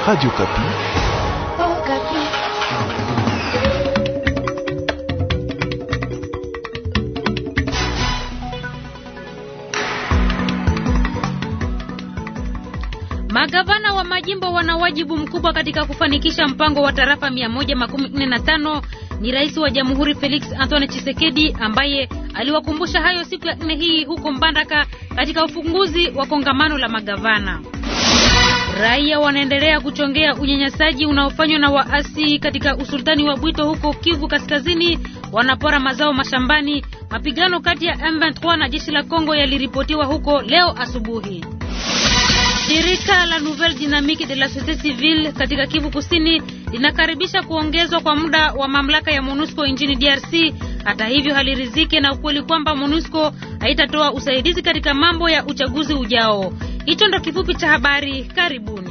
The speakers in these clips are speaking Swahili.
Radio Kapi. Oh, Kapi. Magavana wa majimbo wana wajibu mkubwa katika kufanikisha mpango wa tarafa 145. Ni Rais wa Jamhuri Felix Antoine Tshisekedi ambaye aliwakumbusha hayo siku ya nne hii huko Mbandaka katika ufunguzi wa kongamano la magavana. Raia wanaendelea kuchongea unyanyasaji unaofanywa na waasi katika usultani wa Bwito huko Kivu Kaskazini, wanapora mazao mashambani. Mapigano kati ya M23 na jeshi la Kongo yaliripotiwa huko leo asubuhi. Shirika la Nouvelle Dynamique de la Société Civile katika Kivu Kusini linakaribisha kuongezwa kwa muda wa mamlaka ya MONUSCO nchini DRC. Hata hivyo, haliriziki na ukweli kwamba MONUSCO haitatoa usaidizi katika mambo ya uchaguzi ujao ndo kifupi cha habari. Karibuni.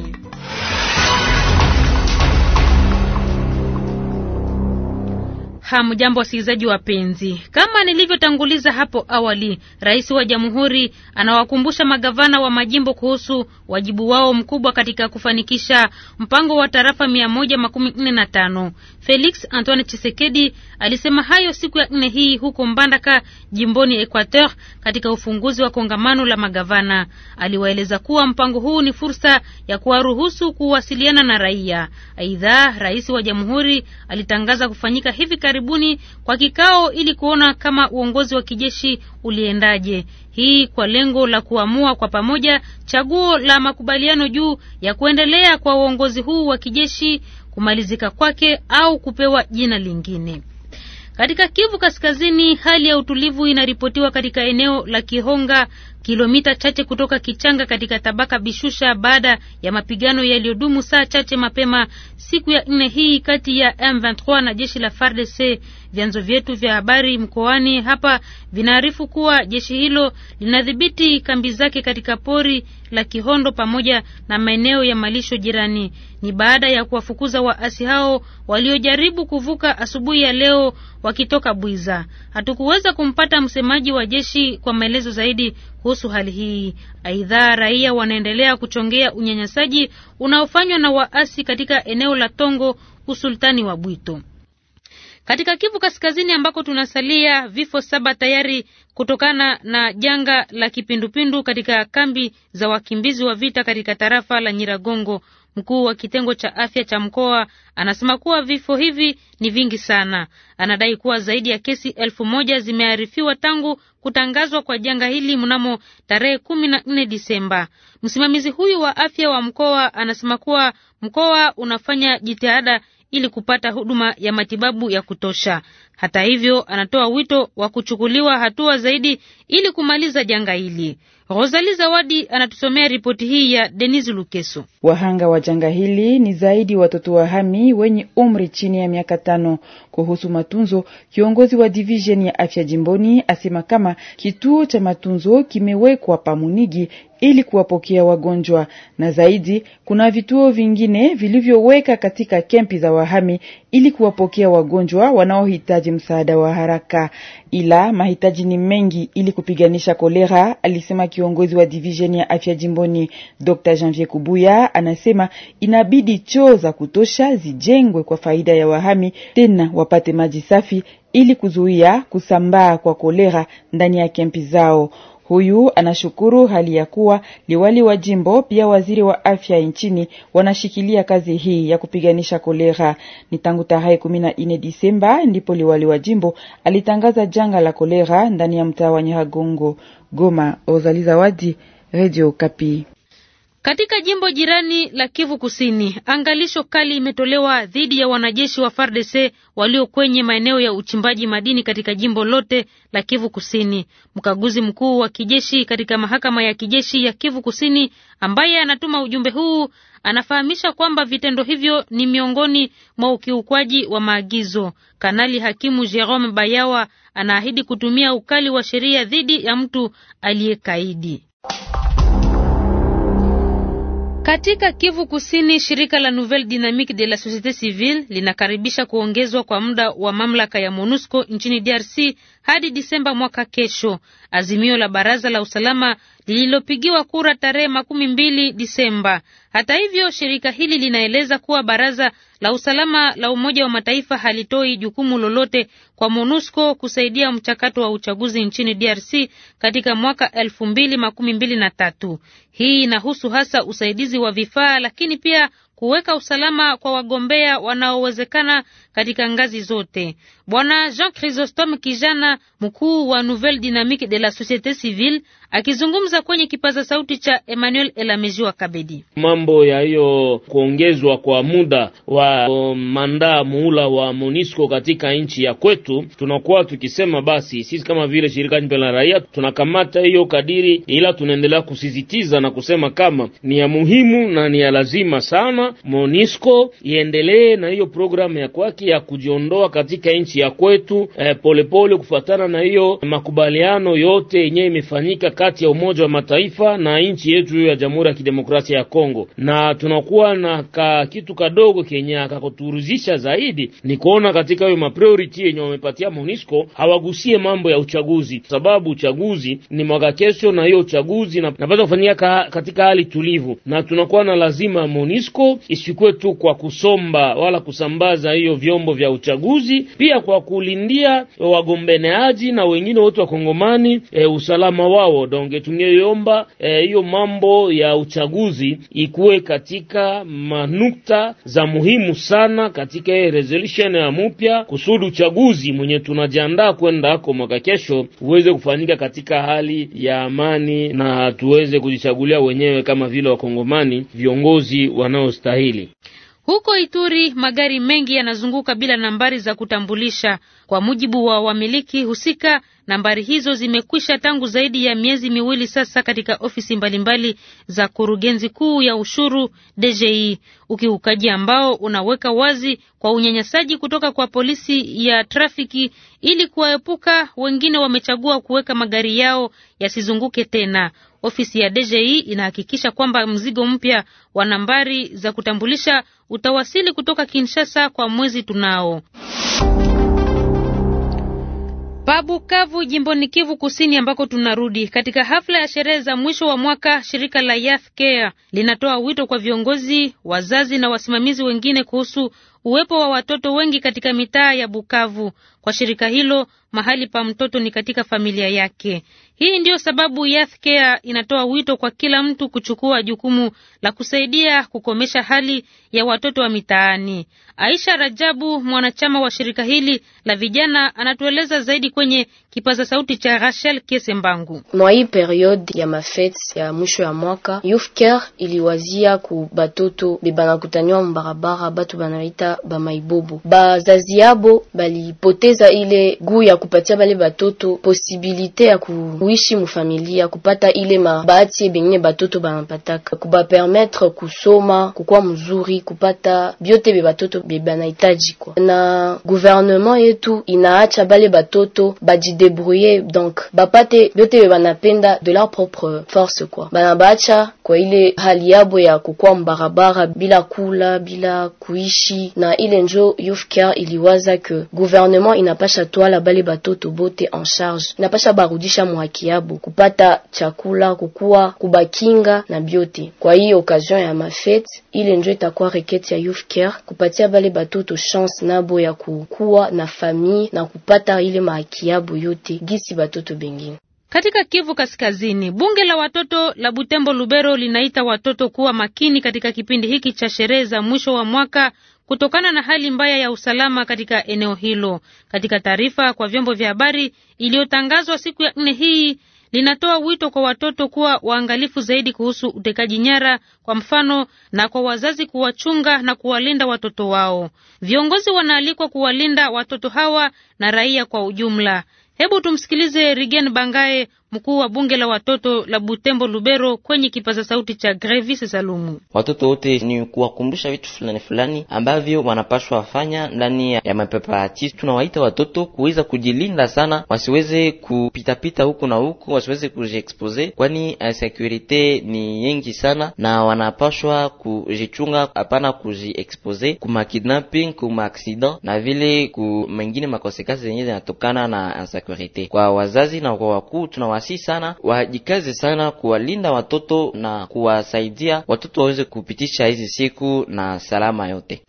Hamjambo wasikilizaji wapenzi, kama nilivyotanguliza hapo awali, rais wa jamhuri anawakumbusha magavana wa majimbo kuhusu wajibu wao mkubwa katika kufanikisha mpango wa tarafa mia moja makumi nne na tano. Felix Antoine Chisekedi alisema hayo siku ya nne hii huko Mbandaka jimboni Equateur katika ufunguzi wa kongamano la magavana. Aliwaeleza kuwa mpango huu ni fursa ya kuwaruhusu kuwasiliana na raia. Aidha, rais wa jamhuri alitangaza kufanyika hivi karibuni karibuni kwa kikao ili kuona kama uongozi wa kijeshi uliendaje. Hii kwa lengo la kuamua kwa pamoja chaguo la makubaliano juu ya kuendelea kwa uongozi huu wa kijeshi, kumalizika kwake au kupewa jina lingine. Katika Kivu Kaskazini, hali ya utulivu inaripotiwa katika eneo la Kihonga kilomita chache kutoka Kichanga katika tabaka Bishusha, baada ya mapigano yaliyodumu saa chache mapema siku ya nne hii kati ya M23 na jeshi la FARDC. Vyanzo vyetu vya habari mkoani hapa vinaarifu kuwa jeshi hilo linadhibiti kambi zake katika pori la Kihondo pamoja na maeneo ya malisho jirani. Ni baada ya kuwafukuza waasi hao waliojaribu kuvuka asubuhi ya leo wakitoka Bwiza. Hatukuweza kumpata msemaji wa jeshi kwa maelezo zaidi kuhusu hali hii. Aidha, raia wanaendelea kuchongea unyanyasaji unaofanywa na waasi katika eneo la Tongo, usultani wa Bwito. Katika Kivu Kaskazini ambako tunasalia, vifo saba tayari kutokana na janga la kipindupindu katika kambi za wakimbizi wa vita katika tarafa la Nyiragongo. Mkuu wa kitengo cha afya cha mkoa anasema kuwa vifo hivi ni vingi sana. Anadai kuwa zaidi ya kesi elfu moja zimearifiwa tangu kutangazwa kwa janga hili mnamo tarehe kumi na nne Disemba. Msimamizi huyu wa afya wa mkoa anasema kuwa mkoa unafanya jitihada ili kupata huduma ya matibabu ya kutosha. Hata hivyo, anatoa wito wa kuchukuliwa hatua zaidi ili kumaliza janga hili. Rosali Zawadi anatusomea ripoti hii ya Denis Lukeso. Wahanga wa janga hili ni zaidi watoto wahami wenye umri chini ya miaka tano. Kuhusu matunzo, kiongozi wa divisheni ya afya jimboni asema kama kituo cha matunzo kimewekwa Pamunigi ili kuwapokea wagonjwa, na zaidi kuna vituo vingine vilivyoweka katika kempi za wahami ili kuwapokea wagonjwa wanaohitaji msaada wa haraka, ila mahitaji ni mengi ili kupiganisha kolera, alisema kiongozi wa divisheni ya afya jimboni. Dr Janvier Kubuya anasema inabidi choo za kutosha zijengwe kwa faida ya wahami, tena wapate maji safi ili kuzuia kusambaa kwa kolera ndani ya kempi zao. Huyu anashukuru hali ya kuwa liwali wa jimbo pia waziri wa afya nchini wanashikilia kazi hii ya kupiganisha kolera. Ni tangu tarehe kumi na nne Disemba ndipo liwali wa jimbo alitangaza janga la kolera ndani ya mtaa wa Nyiragongo. Goma, Ozali Zawadi, Radio Kapi. Katika jimbo jirani la Kivu Kusini, angalisho kali imetolewa dhidi ya wanajeshi wa FARDC walio kwenye maeneo ya uchimbaji madini katika jimbo lote la Kivu Kusini. Mkaguzi mkuu wa kijeshi katika mahakama ya kijeshi ya Kivu Kusini, ambaye anatuma ujumbe huu, anafahamisha kwamba vitendo hivyo ni miongoni mwa ukiukwaji wa maagizo. Kanali hakimu Jerome Bayawa anaahidi kutumia ukali wa sheria dhidi ya mtu aliyekaidi. Katika Kivu Kusini, shirika la Nouvelle Dynamique de la Société Civile linakaribisha kuongezwa kwa muda wa mamlaka ya MONUSCO nchini DRC hadi Disemba mwaka kesho. Azimio la Baraza la Usalama lililopigiwa kura tarehe makumi mbili Disemba hata hivyo, shirika hili linaeleza kuwa baraza la usalama la Umoja wa Mataifa halitoi jukumu lolote kwa MONUSCO kusaidia mchakato wa uchaguzi nchini DRC katika mwaka elfu mbili makumi mbili na tatu. Hii inahusu hasa usaidizi wa vifaa, lakini pia kuweka usalama kwa wagombea wanaowezekana katika ngazi zote. Bwana Jean Chrysostome Kijana, mkuu wa Nouvelle Dynamique de la Société Civile, akizungumza kwenye kipaza sauti cha Emmanuel Elamezi wa Kabedi. Mambo ya hiyo kuongezwa kwa muda wa um, mandaa muula wa Monisco katika nchi ya kwetu, tunakuwa tukisema basi sisi kama vile shirika jipya la raia tunakamata hiyo kadiri, ila tunaendelea kusisitiza na kusema kama ni ya muhimu na ni ya lazima sana Monisco iendelee na hiyo programu ya kwake ya kujiondoa katika nchi ya kwetu eh, polepole kufuatana na hiyo makubaliano yote yenyewe imefanyika kati ya Umoja wa Mataifa na nchi yetu ya Jamhuri ya Kidemokrasia ya Kongo, na tunakuwa na ka kitu kadogo kenye akakuturuzisha zaidi ni kuona katika hiyo mapriority yenye wamepatia Monisco hawagusie mambo ya uchaguzi, sababu uchaguzi ni mwaka kesho, na hiyo uchaguzi napaswa kufanyika katika hali tulivu, na tunakuwa na lazima Monisco isikuwe tu kwa kusomba wala kusambaza hiyo vyombo vya uchaguzi, pia kwa kulindia wagombeneaji na wengine wote wakongomani e, usalama wao. Donge tungeomba e, hiyo e, mambo ya uchaguzi ikuwe katika manukta za muhimu sana katika hii resolution ya mupya, kusudi uchaguzi mwenye tunajiandaa kwenda ako mwaka kesho uweze kufanyika katika hali ya amani na tuweze kujichagulia wenyewe kama vile wakongomani viongozi wanaosta inayostahili. Huko Ituri magari mengi yanazunguka bila nambari za kutambulisha. Kwa mujibu wa wamiliki husika, nambari hizo zimekwisha tangu zaidi ya miezi miwili sasa katika ofisi mbalimbali za kurugenzi kuu ya ushuru DGI, e, ukiukaji ambao unaweka wazi kwa unyanyasaji kutoka kwa polisi ya trafiki. Ili kuwaepuka, wengine wamechagua kuweka magari yao yasizunguke tena ofisi ya DGI e inahakikisha kwamba mzigo mpya wa nambari za kutambulisha utawasili kutoka Kinshasa kwa mwezi tunao. Pabukavu jimboni Kivu Kusini ambako tunarudi katika hafla ya sherehe za mwisho wa mwaka, shirika la Youth Care linatoa wito kwa viongozi, wazazi na wasimamizi wengine kuhusu uwepo wa watoto wengi katika mitaa ya Bukavu. Kwa shirika hilo, mahali pa mtoto ni katika familia yake. Hii ndiyo sababu Youth Care inatoa wito kwa kila mtu kuchukua jukumu la kusaidia kukomesha hali ya watoto wa mitaani. Aisha Rajabu, mwanachama wa shirika hili la vijana, anatueleza zaidi kwenye Kipaza sauti cha Rachel Kesembangu. Mwa hii periode ya mafete ya mwisho ya mwaka, youth care iliwazia ku batoto bebanakutaniwa mubarabara, batu banaita bamaibobo. Bazazi yabo balipoteza ile guu ya kupatia bale batoto posibilite ya kuishi mufamilia, kupata ile mabahati bengine batoto banapataka, kubapermetre kusoma, kukua mzuri, kupata byote be batoto bebanahitaji kwa na gouvernement yetu inaacha bale batoto baji kujidebrouiller donc bapate yote banapenda de leur propre force kwa banabacha kwa ile hali yabo ya kukuwa mbarabara bila kula bila kuishi na ile njo yufka iliwaza ke gouvernement inapasha twala bale batoto bote en charge inapasha barudisha mwaki yabo kupata chakula kukuwa kubakinga na biote kwa hii occasion ya mafete ile njo itakuwa reketi ya youth care kupatia bale batoto chance nabo ya kukuwa na famille na kupata ile mahaki yabo yote gisi batoto bengine. Katika Kivu Kaskazini, bunge la watoto la Butembo Lubero linaita watoto kuwa makini katika kipindi hiki cha sherehe za mwisho wa mwaka kutokana na hali mbaya ya usalama katika eneo hilo. Katika taarifa kwa vyombo vya habari iliyotangazwa siku ya nne hii, linatoa wito kwa watoto kuwa waangalifu zaidi kuhusu utekaji nyara, kwa mfano, na kwa wazazi kuwachunga na kuwalinda watoto wao. Viongozi wanaalikwa kuwalinda watoto hawa na raia kwa ujumla. Hebu tumsikilize Rigen Bangae, mkuu wa bunge la watoto la Butembo Lubero kwenye kipaza sauti cha Grevis Salumu. Watoto wote ni kuwakumbusha vitu fulani fulani ambavyo wanapashwa wafanya ndani ya mapreparatifu. Tunawaita watoto kuweza kujilinda sana, wasiweze kupitapita huku na huku, wasiweze kujiexpose, kwani eh, sekurite ni nyingi sana na wanapashwa kujichunga, hapana kujiexpose kuma kidnapping, kuma accident na vile ku mengine makonsekansi zenye zinatokana na sekurite. Kwa wazazi na kwa wakuu tunawa tunawasihi sana wajikaze sana kuwalinda watoto na kuwasaidia watoto waweze kupitisha hizi siku na salama yote.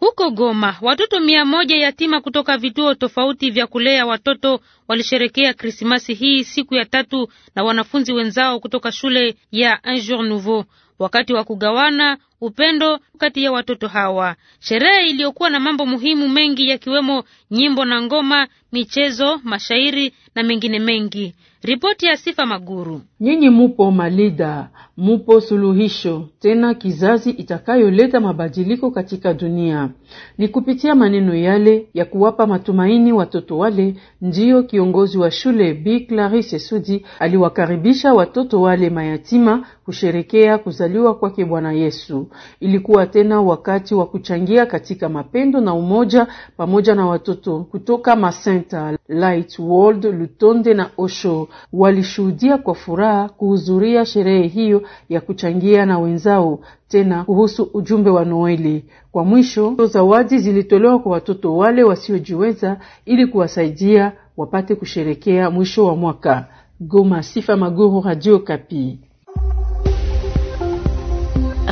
Huko Goma watoto mia moja yatima kutoka vituo tofauti vya kulea watoto walisherekea Krismasi hii siku ya tatu na wanafunzi wenzao kutoka shule ya Un Jour Nouveau. Wakati wa kugawana upendo kati ya watoto hawa. Sherehe iliyokuwa na mambo muhimu mengi yakiwemo nyimbo na ngoma, michezo, mashairi na mengine mengi. Ripoti ya Sifa Maguru. Nyinyi mupo malida, mupo suluhisho, tena kizazi itakayoleta mabadiliko katika dunia. Ni kupitia maneno yale ya kuwapa matumaini watoto wale, ndiyo kiongozi wa shule Bi Clarisse Sudi aliwakaribisha watoto wale mayatima kusherekea kuzaliwa kwake Bwana Yesu. Ilikuwa tena wakati wa kuchangia katika mapendo na umoja pamoja na watoto kutoka masenta Light World, Lutonde na Osho walishuhudia kwa furaha kuhudhuria sherehe hiyo ya kuchangia na wenzao tena kuhusu ujumbe wa Noeli. Kwa mwisho, zawadi zilitolewa kwa watoto wale wasiojiweza ili kuwasaidia wapate kusherekea mwisho wa mwaka. Goma, Sifa Maguru, Radio Kapi.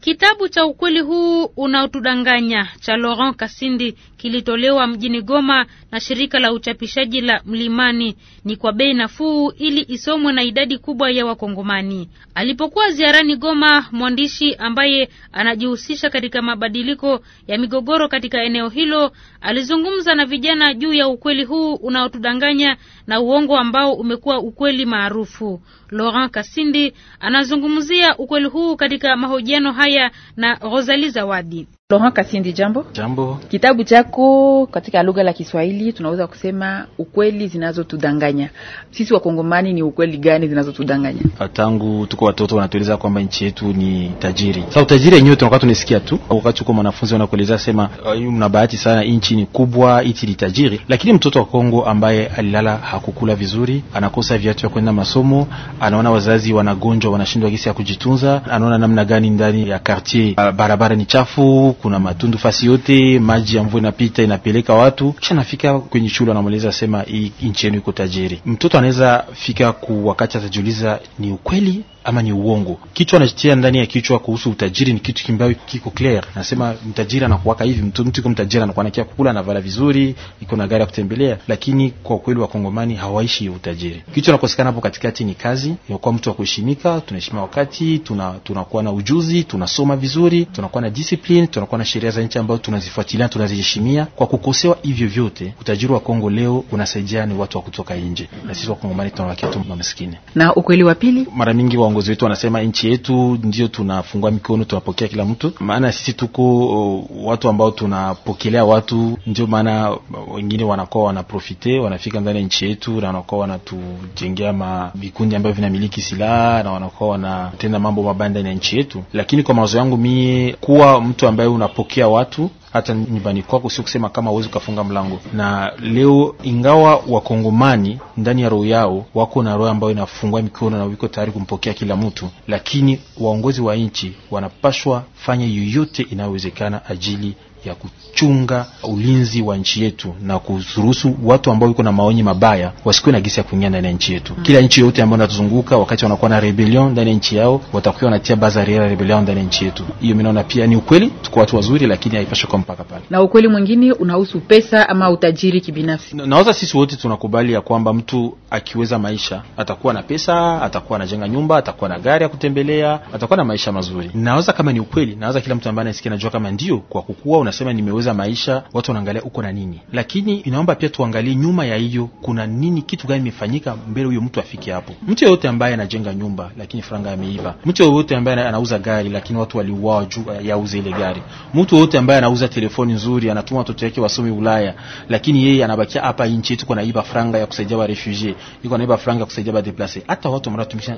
Kitabu cha ukweli huu unaotudanganya cha Laurent Kasindi kilitolewa mjini Goma na shirika la uchapishaji la Mlimani. Ni kwa bei nafuu ili isomwe na idadi kubwa ya Wakongomani. Alipokuwa ziarani Goma, mwandishi ambaye anajihusisha katika mabadiliko ya migogoro katika eneo hilo alizungumza na vijana juu ya ukweli huu unaotudanganya na uongo ambao umekuwa ukweli maarufu. Laurent Kasindi anazungumzia ukweli huu katika mahojiano haya Maya na Rosalie Zawadi. Laurent Kasindi, jambo. Jambo. Kitabu chako katika lugha la Kiswahili tunaweza kusema ukweli zinazotudanganya. Sisi wakongomani ni ukweli gani zinazotudanganya? Ah, tangu tuko watoto wanatueleza kwamba nchi yetu ni tajiri. Sasa utajiri wenyewe tunakuwa tunasikia tu. Wakati uko mwanafunzi wanakueleza sema uh, mna bahati sana, nchi ni kubwa, iti ni tajiri. Lakini mtoto wa Kongo ambaye alilala hakukula vizuri, anakosa viatu vya kwenda masomo, anaona wazazi wanagonjwa, wanashindwa gisi ya kujitunza, anaona namna gani ndani ya quartier ah, barabara ni chafu kuna matundu fasi yote, maji ya mvua inapita inapeleka watu, kisha nafika kwenye shule anamweleza sema hii nchi yenu iko tajiri. Mtoto anaweza fika ku wakati atajiuliza ni ukweli ama ni uongo. Kichwa anachotia ndani ya kichwa kuhusu utajiri ni kitu kimbayo kiko clear. Nasema mtajiri anakuwaka hivi, mtu mtu kwa mtajiri anakuwa na kukula na vala vizuri, iko na gari ya kutembelea, lakini kwa kweli wakongomani hawaishi utajiri. Kichwa anakosekana hapo katikati ni kazi, inakuwa mtu wa kuheshimika, tunaheshimia wakati, tuna tunakuwa na ujuzi, tunasoma vizuri, tunakuwa na discipline, tunakuwa na sheria za nchi ambazo tunazifuatilia, tunaziheshimia. Kwa kukosewa hivyo vyote, utajiri wa Kongo leo unasaidia ni watu wa kutoka nje, na sisi wakongomani tunabakia tu maskini. Na ukweli wa pili mara mingi wa waongozi wetu wanasema nchi yetu ndio tunafungua mikono, tunapokea kila mtu, maana sisi tuko uh, watu ambao tunapokelea watu, ndio maana wengine wanakuwa wanaprofite, wanafika ndani ya nchi yetu na wanakuwa wanatujengea mavikundi ambavyo vinamiliki silaha na wanakuwa wanatenda mambo mabaya ndani ya nchi yetu. Lakini kwa mawazo yangu mie, kuwa mtu ambaye unapokea watu hata nyumbani kwako, sio kusema kama uwezi ukafunga mlango. Na leo ingawa wakongomani ndani ya roho yao wako na roho ambayo inafungua mikono na wiko tayari kumpokea kila mtu, lakini waongozi wa nchi wanapashwa fanya yoyote inayowezekana ajili ya kuchunga ulinzi wa nchi yetu na kuruhusu watu ambao wiko na maoni mabaya wasikuwe na gisi ya kuingia ndani ya nchi yetu. Mm. Kila nchi yote ambayo inatuzunguka wakati wanakuwa na rebellion ndani ya nchi yao watakuwa wanatia bazari ya rebellion ndani ya nchi yetu. Hiyo mimi naona pia ni ukweli, tuko watu wazuri, lakini haipaswi kwa mpaka pale. Na ukweli mwingine unahusu pesa ama utajiri kibinafsi. Na, naweza sisi wote tunakubali ya kwamba mtu akiweza maisha atakuwa na pesa, atakuwa anajenga nyumba, atakuwa na gari ya kutembelea, atakuwa na maisha mazuri. Naweza kama ni ukweli, naweza kila mtu ambaye anasikia anajua kama ndio kwa kukua unasema nimeweza maisha, watu wanaangalia uko na nini, lakini inaomba pia tuangalie nyuma ya hiyo kuna nini, kitu gani imefanyika mbele huyo mtu afike hapo. Mtu yoyote ambaye anajenga nyumba lakini franga ameiba, mtu yoyote ambaye anauza gari lakini watu waliuawa juu eh, ya yauze ile gari, mtu yoyote ambaye anauza telefoni nzuri, anatuma watoto wake wasome Ulaya, lakini yeye anabakia hapa nchi yetu, kuna iba franga ya kusaidia wa refugee, yuko anaiba franga ya kusaidia wa deplace. Hata watu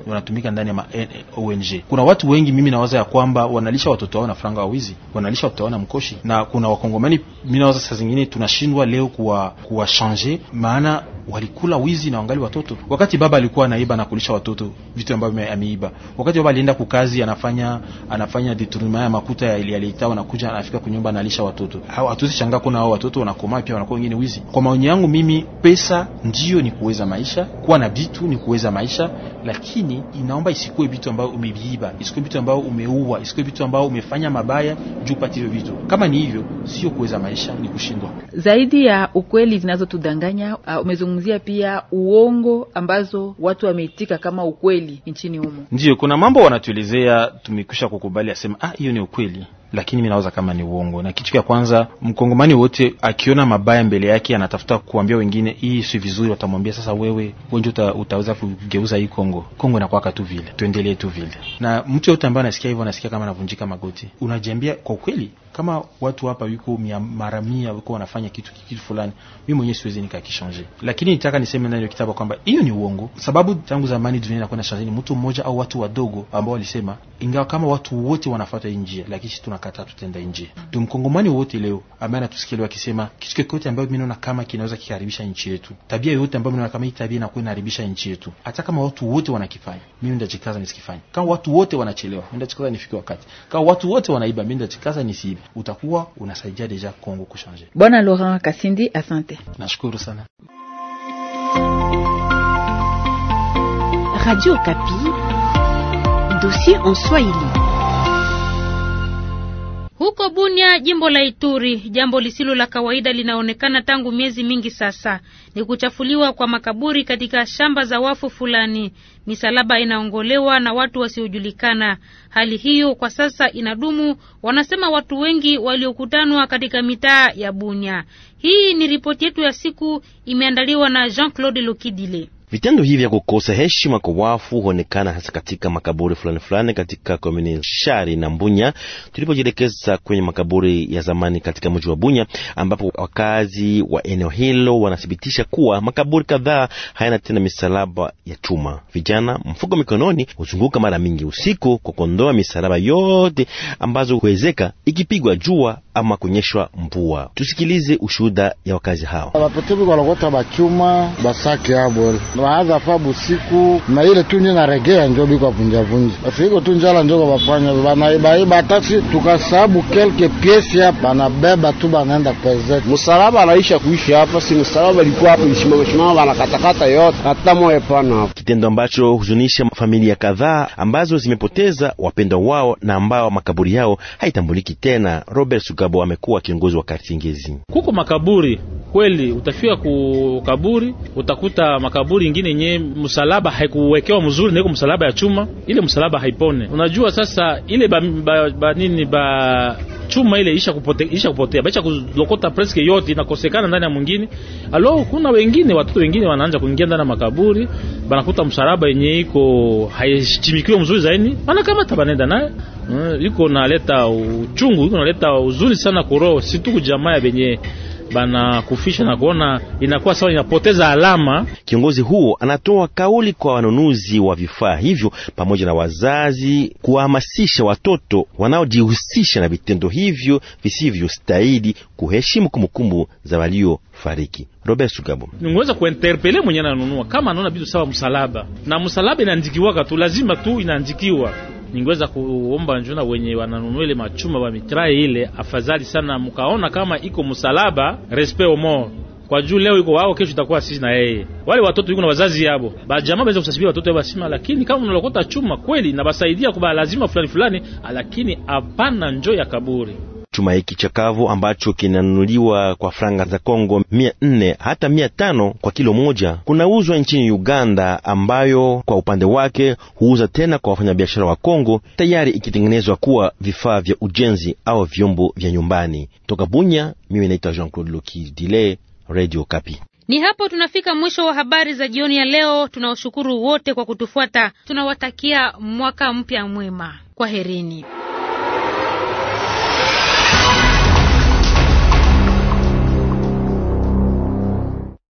wanatumika ndani ya eh, eh, ONG, kuna watu wengi mimi nawaza ya kwamba wanalisha watoto wao na franga wawizi, wanalisha watoto wao na mkoshi na kuna, wakongomani wakongomani minawaza saa zingine tunashindwa leo kuwa kuwa maana walikula wizi na wangali watoto. Wakati baba alikuwa anaiba na kulisha watoto vitu ambavyo ameiba, wakati baba alienda kukazi, anafanya anafanya detournement ya makuta ya ile aliyeta, anakuja anafika kunyumba analisha watoto. hao. Hatuwezi changa kuna hao watoto wanakoma pia wanakuwa wengine wizi. Kwa maoni yangu mimi, pesa ndio ni kuweza maisha, kuwa na vitu ni kuweza maisha, lakini inaomba isikuwe vitu ambavyo umeviiba, isikuwe vitu ambavyo umeua, isikuwe vitu ambavyo umefanya mabaya juu pati hivyo vitu. Kama ni hivyo sio kuweza maisha, ni kushindwa zaidi ya ukweli zinazotudanganya. Uh, umezungumzia pia uongo ambazo watu wameitika kama ukweli nchini humo. ndio kuna mambo wanatuelezea tumekwisha kukubali, asema ah, hiyo ni ukweli lakini mi nawaza kama ni uongo. Na kitu cha kwanza, mkongomani wote akiona mabaya mbele yake anatafuta kuambia wengine hii si vizuri, watamwambia sasa, wewe wenje uta, utaweza kugeuza hii Kongo? Kongo inakuwa tu vile, tuendelee tu vile. Na mtu yote ambaye anasikia hivyo anasikia kama anavunjika magoti. Unajiambia kwa kweli, kama watu hapa yuko mia mara mia wako wanafanya kitu kitu fulani, mimi mwenyewe siwezi nikakishanje, lakini nitaka niseme ndani ya kitabu kwamba hiyo ni uongo, sababu tangu zamani dunia inakuwa na shazini mtu mmoja au watu wadogo ambao walisema ingawa kama watu wote wanafuata hii njia, lakini sisi tunakataa, tutenda hii njia. Mkongomani wote leo ambaye anatusikia leo akisema kitu kikote ambayo mimi naona kama kinaweza kikaribisha nchi yetu, tabia yote ambayo mimi naona kama hii tabia inakuwa inaharibisha nchi yetu, hata kama watu wote wanakifanya, mimi ndajikaza nisikifanye. Kama watu wote wanachelewa, mimi ndajikaza nifike wakati. Kama watu wote wanaiba, mimi ndajikaza nisiibe. Utakuwa unasaidia deja Kongo kushanje. Bwana Laurent Kasindi, asante, nashukuru sana. Radio Kapi dossier en Swahili. Huko Bunia, jimbo la Ituri, jambo lisilo la kawaida linaonekana tangu miezi mingi sasa. Ni kuchafuliwa kwa makaburi katika shamba za wafu fulani. Misalaba inaongolewa na watu wasiojulikana. Hali hiyo kwa sasa inadumu, wanasema watu wengi waliokutanwa katika mitaa ya Bunia. Hii ni ripoti yetu ya siku imeandaliwa na Jean-Claude Lokidile. Vitendo hivi vya kukosa heshima kwa wafu huonekana hasa katika makaburi fulani fulani katika komini Shari na Mbunya. Tulipojielekeza kwenye makaburi ya zamani katika mji wa Bunya, ambapo wakazi wa eneo hilo wanathibitisha kuwa makaburi kadhaa hayana tena misalaba ya chuma. Vijana mfuko mikononi huzunguka mara mingi usiku kwa kuondoa misalaba yote ambazo huwezeka ikipigwa jua ama kunyeshwa mvua. Tusikilize ushuhuda ya wakazi hao vaadha fa busiku na ile tu njo regea njo biko vunja basi iko tu njala njo iba iba hatasi tukasabu kelke ya bana beba tu banaenda kwezete. Msalaba anaisha kuishi hapa, si msalaba ilikuwa hapa bana katakata yote hata moyo pana, kitendo ambacho huzunisha familia kadhaa ambazo zimepoteza wapendwa wao na ambao makaburi yao haitambuliki tena. Robert Sugabo amekuwa kiongozi wa Kartingezi kuko makaburi kweli utafika ku kaburi utakuta makaburi ingine yenye msalaba haikuwekewa mzuri, niko msalaba ya chuma, ile msalaba haipone. Unajua sasa ile ba, ba, ba nini ba chuma ile isha kupote, isha kupotea bacha kulokota presque yote inakosekana ndani ya mwingine. Alo, kuna wengine watoto wengine wanaanza kuingia ndani ya makaburi, banakuta msalaba yenye iko haishimikiwe mzuri zaini, maana kama tabanenda naye eh, iko naleta uchungu, iko naleta uzuri sana kwa roho, si tu jamaa benye banakufisha na kuona inakuwa sawa, inapoteza alama. Kiongozi huo anatoa kauli kwa wanunuzi wa vifaa hivyo pamoja na wazazi kuwahamasisha watoto wanaojihusisha na vitendo hivyo visivyostahili kuheshimu kumbukumbu za waliofariki. Robert Sugabo ningeweza kuinterpele mwenye ananunua kama anaona bitu sawa msalaba na msalaba inaandikiwaka tu, lazima tu inaandikiwa ningeweza kuomba njuna wenye wananunua ile machuma wa mitrai ile, afadhali sana mkaona kama iko msalaba respect mort kwa juu leo iko wao, kesho itakuwa sisi na yeye. Wale watoto iko na wazazi yabo, bajamaa baweza kusasibia watoto yabo basima, lakini kama unalokota chuma kweli na basaidia kuba lazima fulani fulani, lakini hapana njo ya kaburi chuma hiki chakavu ambacho kinanunuliwa kwa franga za Kongo mia nne hata mia tano kwa kilo moja kunauzwa nchini Uganda, ambayo kwa upande wake huuza tena kwa wafanyabiashara wa Kongo, tayari ikitengenezwa kuwa vifaa vya ujenzi au vyombo vya nyumbani. Toka Bunya, mimi naitwa Jean Claude Lokidile, Radio Kapi. Ni hapo tunafika mwisho wa habari za jioni ya leo. Tunawashukuru wote kwa kutufuata, tunawatakia mwaka mpya mwema. Kwaherini.